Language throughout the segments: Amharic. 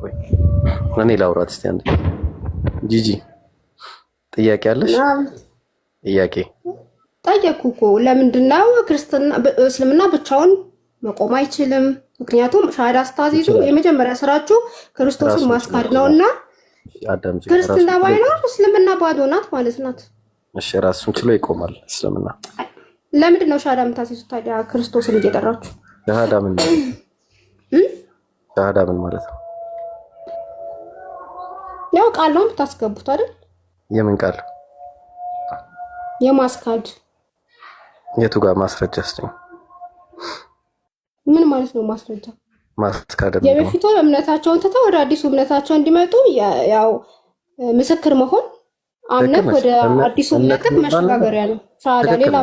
ቆይ እኔ ላውራት አንዴ። ጂጂ ጥያቄ አለሽ? ጥያቄ እኮ ለምንድን ነው ክርስትና እስልምና ብቻውን መቆም አይችልም? ምክንያቱም ሻሃዳ ስታዚዙ የመጀመሪያ ስራችሁ ክርስቶስን ማስካድ ነውና ክርስትና ባይኖር እስልምና ባዶ ናት ማለት ናት። እሺ ራሱን ችሎ ይቆማል እስልምና። ለምንድን ነው የምታስይዙት ታዲያ? ክርስቶስን እየጠራችሁ ሻዳ ምን ማለት ነው? ያው ቃል ነው የምታስገቡት አይደል? የምን ቃል? የማስካድ የቱ ጋር ማስረጃ ስጠኝ። ምን ማለት ነው ማስረጃ? ማስካድ የበፊቱ እምነታቸውን ትተው ወደ አዲሱ እምነታቸው እንዲመጡ ያው ምስክር መሆን አምነት ወደ አዲሱ እምነት መሸጋገሪያ ነው። ሳዳ ሌላ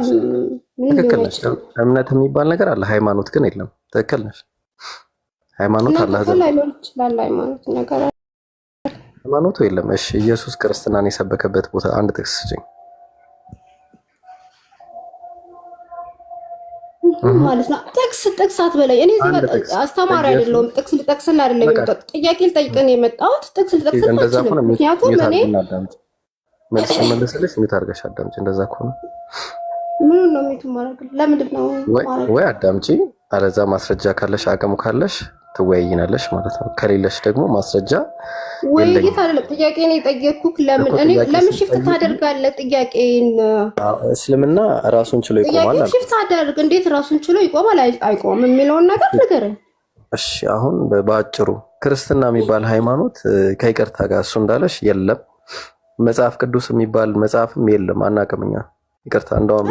ትክክል ነች። እምነት የሚባል ነገር አለ፣ ሃይማኖት ግን የለም። ትክክል ነች። ሃይማኖት አለ። ሃይማኖት ነገር ሃይማኖቱ የለም። እሺ ኢየሱስ ክርስትናን የሰበከበት ቦታ አንድ ጥቅስ ስጭኝ። ማለት ነው ጥቅስ ጥቅስ አትበላይ። እኔ እዚህ አስተማሪ አይደለሁም። ጥቅስ ልጠቅስልህ አይደለም የመጣሁት፣ ጥያቄ ልጠይቅህ የመጣሁት ጥቅስ ልጠቅስልህ አልችልም። ምክንያቱም እኔ መልስ መልስልሽ ሚት አድርገሽ አዳምጪ። እንደዛ ከሆነ ምን ነው ሚቱ ማረግ ለምንድን ነው ወይ አዳምጪ። አለዛ ማስረጃ ካለሽ አቅሙ ካለሽ ትወያይናለሽ ማለት ነው። ከሌለሽ ደግሞ ማስረጃ ውይይት አይደለም ጥያቄ ነው የጠየቅኩህ። ለምን እኔ ለምን ሽፍት ታደርጋለህ? ጥያቄን እስልምና ራሱን ችሎ ይቆማል። ሽፍት አደርግ እንዴት ራሱን ችሎ ይቆማል አይቆምም የሚለውን ነገር ንገረኝ። እሺ አሁን በአጭሩ ክርስትና የሚባል ሃይማኖት ከይቅርታ ጋር እሱ እንዳለሽ የለም። መጽሐፍ ቅዱስ የሚባል መጽሐፍም የለም። አናቅምኛ ይቅርታ እንደውም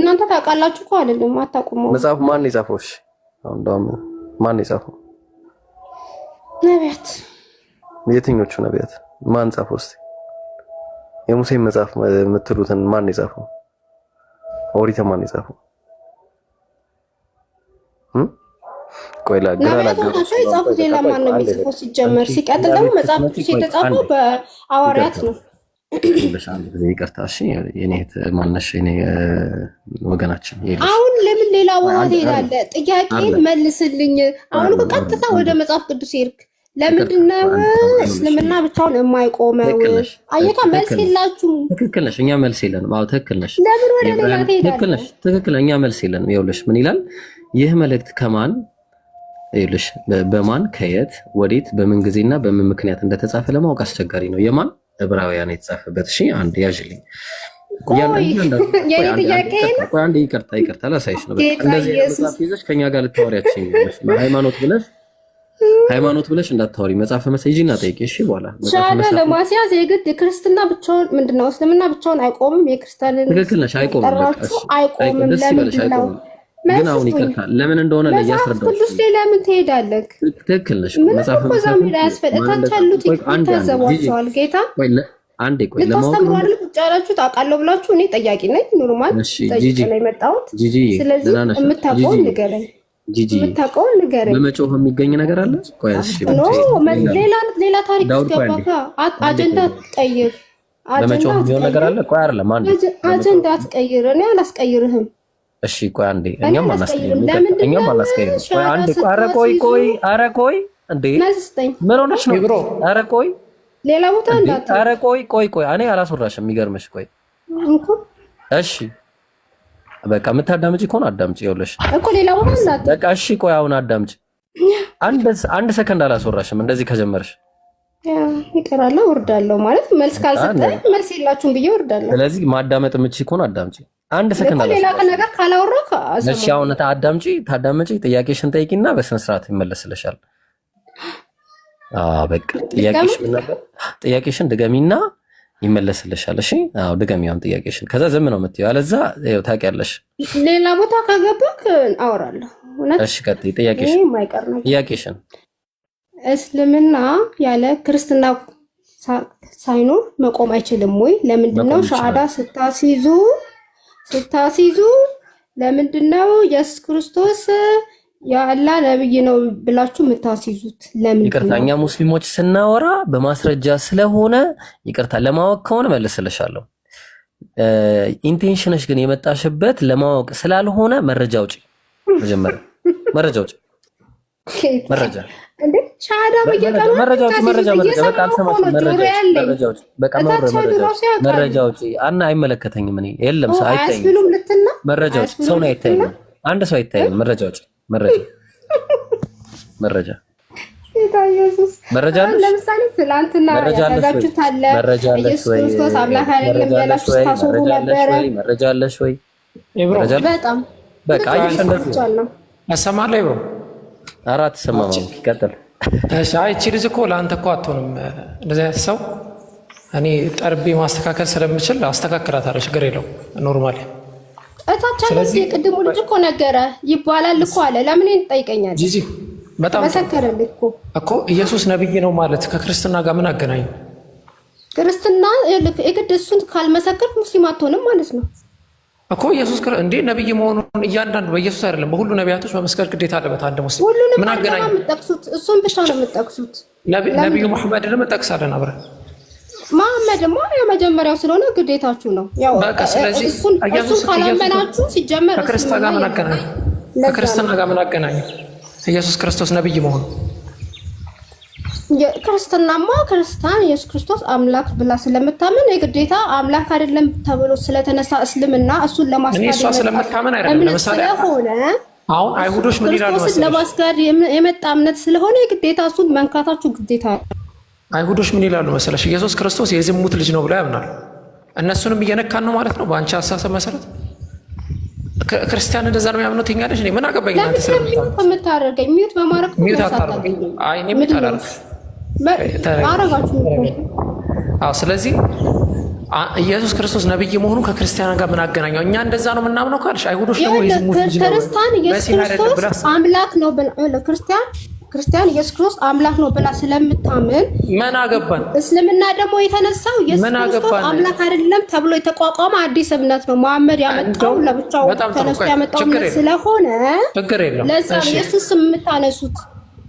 እናንተ ታውቃላችሁ እኮ አይደለም አታውቁም። መጽሐፍ ማን የጻፈው? እሺ እንደውም ማን የጻፈው? ነቢያት። የትኞቹ ነቢያት? ማን ጻፈው? እስኪ የሙሴን መጽሐፍ የምትሉትን ማን የጻፈው? ኦሪተ ማን የጻፈው? ቆይ ላግራ ላግራ ሲጀመር ሲቀጥል ደግሞ መጽሐፍ ቅዱስ የተጻፈው በሐዋርያት ነው። በሻንድ ጊዜ ይቅርታ። እሺ የኔ ማነሽ የኔ ወገናችን፣ አሁን ለምን ሌላ ቦታ ትሄዳለህ? ጥያቄን መልስልኝ። አሁን ቀጥታ ወደ መጽሐፍ ቅዱስ ሄድክ። ለምንድነው እስልምና ብቻውን የማይቆመው? አየካ መልስ የላችሁም። ትክክል ነሽ። እኛ መልስ የለንም። አዎ ትክክል ነሽ። ለምን ወደ ሌላ ትሄዳለህ? ትክክል እኛ መልስ የለንም። ይኸውልሽ ምን ይላል ይህ መልእክት ከማን ይኸውልሽ፣ በማን ከየት ወዴት፣ በምን ጊዜና በምን ምክንያት እንደተጻፈ ለማወቅ አስቸጋሪ ነው። የማን ዕብራውያን የተጻፈበት እሺ፣ አንድ ያዥልኝ። አንድ ይቅርታ፣ ይቅርታ ላሳይሽ ነው። እንደዚህ መጽሐፍ ይዘሽ ከኛ ጋር ልታወሪያችን ሃይማኖት ብለሽ ሃይማኖት ብለሽ እንዳታወሪ መጽሐፈ መሳይ እና ጠይቄ። እሺ በኋላ ሻዳ ለማስያዝ የግድ ክርስትና ብቻውን ምንድነው? እስልምና ብቻውን አይቆምም። የክርስቲያን ትክክል ነሽ፣ አይቆምም፣ አይቆምም። ለምንድነው ግን አሁን ለምን እንደሆነ ለያስረዳው ሌላ ምን ትሄዳለህ? ትክክል ነሽ። መጽሐፍ ጌታ አንዴ ቆይ ቁጭ ያላችሁ ታውቃለሁ ብላችሁ እኔ ጠያቂ ነኝ። ኖርማል ጠይቄ ነው የመጣሁት። ስለዚህ የምታውቀውን ንገረኝ። ጂጂ የምታውቀውን ንገረኝ። በመጮህ የሚገኝ ነገር አለ? ቆይ እሺ፣ ሌላ ሌላ ታሪክ አጀንዳ ትቀይር። የሚሆን ነገር አለ። ቆይ አይደለም አጀንዳ እኔ አላስቀይርህም። እሺ ቆይ አንዴ፣ እኛም አናስቀይም፣ እኛም አናስቀይም። ቆይ አንዴ፣ ኧረ ቆይ ቆይ፣ ኧረ ቆይ እንዴ፣ ምን ሆነሽ ነው? ኧረ ቆይ፣ ሌላ ቦታ እንዳት። ኧረ ቆይ ቆይ ቆይ፣ እኔ አላስወራሽም። የሚገርምሽ ቆይ፣ እሺ በቃ የምታዳምጪ ከሆነ አዳምጪ። ይኸውልሽ እኮ ሌላ ቦታ እንዳት። በቃ እሺ ቆይ፣ አሁን አዳምጪ። አንድ አንድ ሰከንድ አላስወራሽም። እንደዚህ ከጀመርሽ ይቀራለሁ፣ እወርዳለሁ ማለት መልስ ካልሰጠ መልስ የላችሁም ብዬ እወርዳለሁ። ስለዚህ ማዳመጥ የምትችይ ከሆነ አዳምጪ። አንድ ሰከንድ አለ። ሌላ ነገር ካላወራ እሺ፣ አሁን ታዳምጪ ታዳምጪ፣ ጥያቄሽን ጠይቂና በስነ ስርዓት ይመለስልሻል። አዎ በቃ ጥያቄሽ ምን ነበር? ጥያቄሽን ድገሚና ይመለስልሻል። እሺ፣ አዎ ድገሚ አሁን ጥያቄሽን። ከዛ ዝም ነው የምትይው፣ አለዛ ይኸው ታውቂያለሽ። ሌላ ቦታ ከገባክ አወራለሁ። እሺ፣ ቀጥይ ጥያቄሽን። ጥያቄሽን እስልምና ያለ ክርስትና ሳይኖር መቆም አይችልም ወይ? ለምንድን ነው ሻሃዳ ስታስይዙ ስታስይዙ ለምንድን ነው ኢየሱስ ክርስቶስ የአላህ ነብይ ነው ብላችሁ የምታስይዙት? ለምን? ይቅርታ እኛ ሙስሊሞች ስናወራ በማስረጃ ስለሆነ ይቅርታ፣ ለማወቅ ከሆነ መልስልሻለሁ። ኢንቴንሽንሽ ግን የመጣሽበት ለማወቅ ስላልሆነ መረጃ ውጪ፣ መጀመሪያ መረጃ ውጪ፣ መረጃ ሻዳ በየቀኑ መረጃዎች አይመለከተኝም። እኔ የለም ሰው አይታይም። መረጃዎች ሰው ነው አይታይም። አንድ ሰው አይታይም። መረጃዎች መረጃ መረጃ መረጃ አለሽ ወይ? አራት ሰማ ይቀጥል እቺ ልጅ እኮ ለአንተ እኮ አትሆንም። እንደዚህ አይነት ሰው እኔ ጠርቤ ማስተካከል ስለምችል አስተካክላታለሁ። ችግር የለው ኖርማል። እታች የቅድሙ ልጅ እኮ ነገረ ይባላል እኮ አለ። ለምን ይጠይቀኛል? ጂጂ በጣም መሰከረልህ እኮ እኮ ኢየሱስ ነብይ ነው ማለት ከክርስትና ጋር ምን አገናኝ? ክርስትና የግድ እሱን ካልመሰከርክ ሙስሊም አትሆንም ማለት ነው። እኮ ኢየሱስ ክርስቶስ እንዴ ነብይ መሆኑን እያንዳንዱ በኢየሱስ አይደለም በሁሉ ነቢያቶች መመስከር ግዴታ አለበት። አንድ ሙስሊም ምን አገናኝ? እሱን ብቻ ነው የምጠቅሱት። ነቢዩ መሐመድንም እጠቅሳለን አብረን። መሐመድ ማ የመጀመሪያው ስለሆነ ግዴታችሁ ነው። በቃ ስለዚህ እሱን ካላመናችሁ ሲጀመር ከክርስትና ጋር ምን አገናኝ? ከክርስትና ጋር ምን አገናኝ? ኢየሱስ ክርስቶስ ነብይ መሆኑን ክርስትናማ ክርስቲያን ኢየሱስ ክርስቶስ አምላክ ብላ ስለምታምን የግዴታ አምላክ አይደለም ተብሎ ስለተነሳ እስልምና እሱን ለማስፋለምታምን አሁን አይሁዶች ምን ይላሉ? ለማስጋድ የመጣ እምነት ስለሆነ የግዴታ እሱን መንካታችሁ ግዴታ። ነው። አይሁዶች ምን ይላሉ መሰለሽ? ኢየሱስ ክርስቶስ የዝሙት ልጅ ነው ብላ ያምናሉ። እነሱንም እየነካን ነው ማለት ነው በአንቺ ሀሳብ መሰረት ክርስቲያን እንደዛ ነው የሚያምኑት። እኛ ልጅ ምን አገባኝ ሚዩት በማድረግ ሚዩት አታደርገኝ። አይ ሚዩት አላደርግም አዎ ስለዚህ ኢየሱስ ክርስቶስ ነብይ መሆኑ ከክርስቲያን ጋር ምን አገናኘው? እኛ እንደዛ ነው የምናምነው ካልሽ አይሁዶች ደግሞ ክርስቲያን ኢየሱስ አምላክ ነው ብላ ክርስቲያን ክርስቲያን ኢየሱስ ክርስቶስ አምላክ ነው ብላ ስለምታምን ምን አገባን? እስልምና ደግሞ የተነሳው ኢየሱስ ክርስቶስ አምላክ አይደለም ተብሎ የተቋቋመ አዲስ እምነት ነው። መሐመድ ያመጣው ለብቻው ተነስቶ ያመጣው ስለሆነ ችግር የለም። ለዛ ኢየሱስ የምታነሱት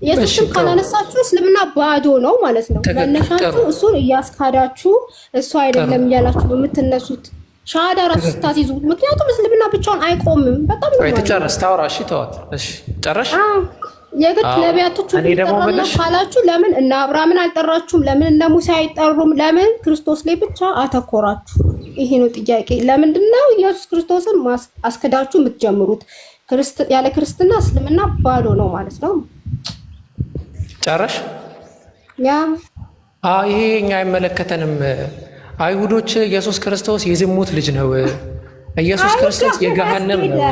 ኢየሱስም ካላነሳችሁ እስልምና ባዶ ነው ማለት ነው። መነሻችሁ እሱን እያስካዳችሁ እሱ አይደለም እያላችሁ የምትነሱት ሻሃዳ ራሱ ስታስይዙ፣ ምክንያቱም እስልምና ብቻውን አይቆምም። በጣም እሺ፣ ተዋት እሺ፣ ጨረሽ የግድ ነቢያቶቹ ጠራና ካላችሁ ለምን እነ አብርሃምን አልጠራችሁም? ለምን እነ ሙሴ አይጠሩም? ለምን ክርስቶስ ላይ ብቻ አተኮራችሁ? ይሄ ነው ጥያቄ። ለምንድነው ነው ኢየሱስ ክርስቶስን አስክዳችሁ የምትጀምሩት? ያለ ክርስትና እስልምና ባዶ ነው ማለት ነው። ጨረሽ? ይሄ እኛ አይመለከተንም። አይሁዶች ኢየሱስ ክርስቶስ የዝሙት ልጅ ነው፣ ኢየሱስ ክርስቶስ የገሃነም ነው፣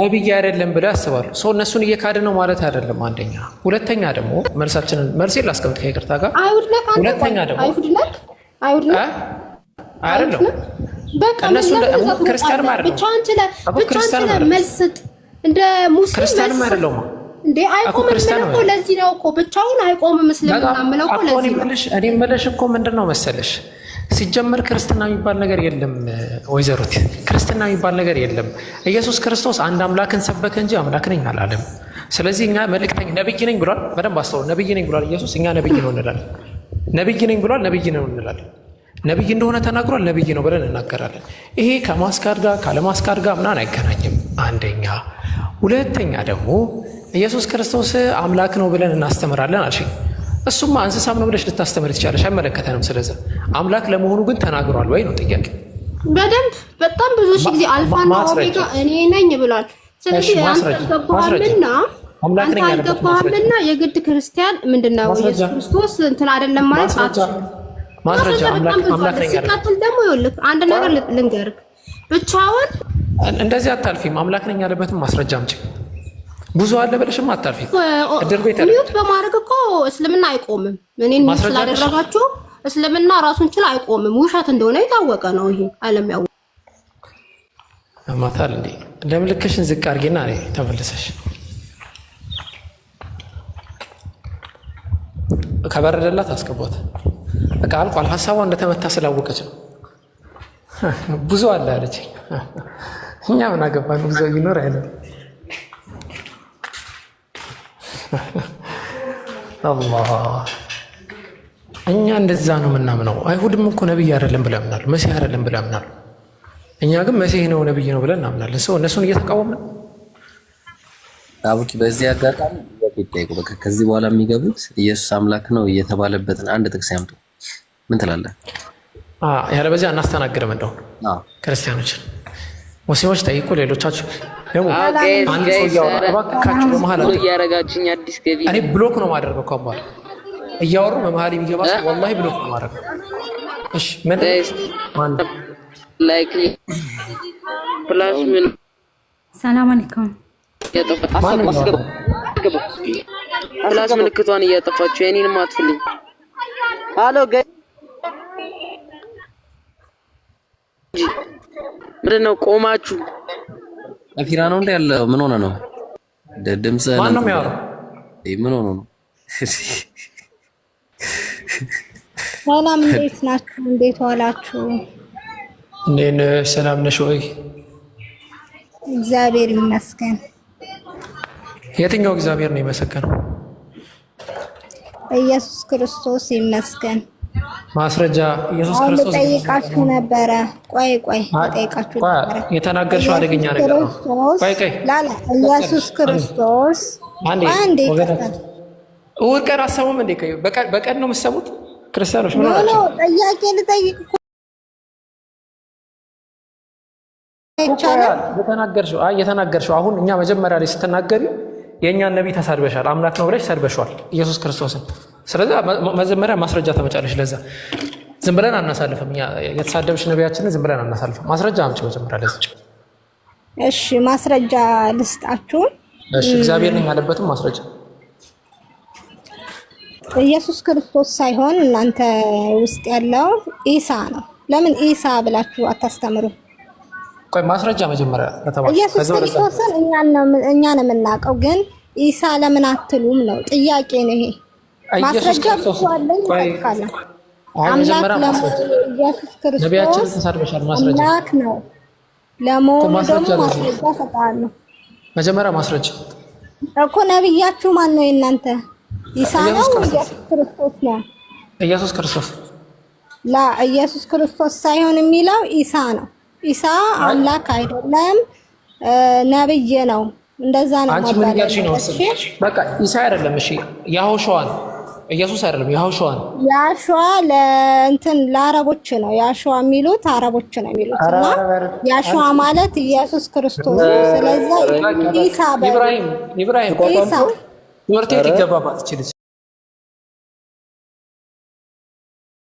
ነቢይ አይደለም ብለው ያስባሉ። ሰው እነሱን እየካደ ነው ማለት አይደለም። አንደኛ። ሁለተኛ ደግሞ መልሳችንን መልሴ ላስቀምጥ ከይቅርታ ጋር። ሁለተኛ ደግሞ አይደለም ብቻ ክርስቲያን መልስጥ እንደ ሙስሊም ክርስቲያንም ነው እንዴ አይቆም አይቆምም። እኮ ለዚህ ነው እኮ ብቻውን አይቆምም። እስልምና ምለው እኮ ለዚህ ነው። እኔ የምልሽ እኮ ምንድን ነው መሰለሽ፣ ሲጀመር ክርስትና የሚባል ነገር የለም። ወይዘሮት ክርስትና የሚባል ነገር የለም። ኢየሱስ ክርስቶስ አንድ አምላክን ሰበከ እንጂ አምላክ ነኝ አላለም። ስለዚህ እኛ መልእክተኛ ነብይ ነኝ ብሏል። በደንብ አስተውሉ። ነብይ ነኝ ብሏል ኢየሱስ። እኛ ነብይ ነው እንላለን። ነብይ ነኝ ብሏል። ነብይ ነው እንላለን። ነብይ እንደሆነ ተናግሯል። ነብይ ነው ብለን እናገራለን። ይሄ ከማስካድ ጋር ካለማስካድ ጋር ምናምን አይገናኝም። አንደኛ። ሁለተኛ ደግሞ ኢየሱስ ክርስቶስ አምላክ ነው ብለን እናስተምራለን አልሽኝ። እሱማ እንስሳም ነው ብለሽ ልታስተምር ትችላለሽ፣ አይመለከተንም። ስለዚ አምላክ ለመሆኑ ግን ተናግሯል ወይ ነው ጥያቄ። በደንብ በጣም ብዙ ሺ ጊዜ አልፋና ኦሜጋ እኔ ነኝ ብሏል። ስለዚህ አንተ ገባሃልና አንተ አልገባሃምና የግድ ክርስቲያን ምንድነው ኢየሱስ ክርስቶስ እንትን አይደለም ማለት ማስረጃ በጣም ብዙ ሲቀጥል ደግሞ ይኸውልህ አንድ ነገር ልንገርህ ብቻውን እንደዚህ አታልፊም። አምላክ ነኝ ያለበትም ማስረጃ አምጪ። ብዙ አለ ብለሽም አታልፊም። ሚዩት በማድረግ እኮ እስልምና አይቆምም። እኔን ስላደረጋችሁ እስልምና ራሱን ችል አይቆምም። ውሸት እንደሆነ የታወቀ ነው። ይሄ አለም ያው ማታል እንዲ ለምልክሽን ዝቅ አድርጊና ተመልሰሽ ከበረደላት አስገቧት። በቃ አልቋል። ሀሳቧ እንደተመታ ስላወቀች ነው። ብዙ አለ አለች። እኛ ምን አገባን? ብዙው ይኖር አይለም። እኛ እንደዛ ነው የምናምነው። አይሁድም እኮ ነቢይ አይደለም ብለን ምናሉ፣ መሲህ አይደለም ብለን ምናሉ። እኛ ግን መሲህ ነው ነቢይ ነው ብለን እናምናለን። ሰው እነሱን እየተቃወምን አቡኪ በዚህ አጋጣሚ ይጠይቁ። ከዚህ በኋላ የሚገቡት ኢየሱስ አምላክ ነው እየተባለበትን አንድ ጥቅስ ያምጡ። ምን ትላለህ? ያለበዚያ እናስተናግድም እንደው ክርስቲያኖችን ወሲቦች ጠይቁ። ሌሎቻችሁ ደግሞ አንድ ሰው እያወራ እባካችሁ በመሀል እያረጋችኝ አዲስ ገቢ እኔ ብሎክ ነው ማደርገው። ከበኋላ እያወሩ በመሀል የሚገባ ሰው ወላሂ ብሎክ ነው ማድረገው። እሺ ምን ላይክ ፕላስ ምን ሰላም አለይኩም ፕላስ ምልክቷን እያጠፋችሁ የኔን ማጥፍልኝ። ሄሎ ገ ምንድን ነው ቆማችሁ? አፊራ ነው እንደ ያለው ምን ሆነ ነው ድምጽ ማነው የሚያወራው? ምን ሆነ ነው? ሰላም እንዴት ናችሁ? እንዴት ዋላችሁ? እንዴት ነሽ? ሰላም ነሽ ወይ? እግዚአብሔር ይመስገን። የትኛው እግዚአብሔር ነው የመሰገነው? ኢየሱስ ክርስቶስ ይመስገን። ማስረጃ ኢየሱስ ክርስቶስ ጠይቃችሁ ነበረ። ቆይ ቆይ ጠይቃችሁ ነበረ። የተናገርሽው አደገኛ ነገር ነው። ቆይ ቆይ ላላ ኢየሱስ ክርስቶስ አንዴ አንዴ እሑድ ቀን አሰሙም እንዴ? ቆይ በቀን በቀን ነው የምትሰሙት ክርስቲያኖች? ምን አላችሁ? ጥያቄ ልጠይቅ የተናገርሽው አይ የተናገርሽው አሁን እኛ መጀመሪያ ላይ ስትናገሪ የእኛን ነቢይ ተሰርበሻል። አምላክ ነው ብለሽ ሰርበሻል ኢየሱስ ክርስቶስን ስለዚ መጀመሪያ ማስረጃ ተመጫለች። ለዛ ዝም ብለን አናሳልፍም። የተሳደብሽ ነቢያችንን ዝም ብለን አናሳልፍም። ማስረጃ አምጪ መጀመሪያ ለዛ። እሺ ማስረጃ ልስጣችሁ። እግዚአብሔር ነኝ ያለበትም ማስረጃ ኢየሱስ ክርስቶስ ሳይሆን እናንተ ውስጥ ያለው ኢሳ ነው። ለምን ኢሳ ብላችሁ አታስተምሩ? ቆይ ማስረጃ መጀመሪያ ኢየሱስ ክርስቶስን እኛ ነው የምናውቀው፣ ግን ኢሳ ለምን አትሉም ነው ጥያቄ ነው ይሄ ማስረጃ ብቻለን ይጠቃለ አምላክ ኢየሱስ ክርስቶስ አምላክ ነው። ለመሆኑ ማስረጃ እሰጥሃለሁ። መጀመሪያ ማስረጃ እኮ ነብያችሁ ማን ነው? የእናንተ ኢሳ ነው? ኢየሱስ ክርስቶስ ነው? ኢየሱስ ክርስቶስ ላ ኢየሱስ ክርስቶስ ሳይሆን የሚለው ኢሳ ነው። ኢሳ አምላክ አይደለም፣ ነብይ ነው። እንደዛ ነው ማለት ነው። በቃ ኢሳ አይደለም። እሺ ያሆሸዋል ኢየሱስ አይደለም፣ ያሹዋ ነው። ያሹዋ ለእንትን ለአረቦች ነው ያሹዋ የሚሉት አረቦች ነው የሚሉት እና ያሹዋ ማለት ኢየሱስ ክርስቶስ። ነው። ስለዚህ ኢሳ ኢብራሂም ኢብራሂም ትምህርት ቤት ይገባባት ይችላል።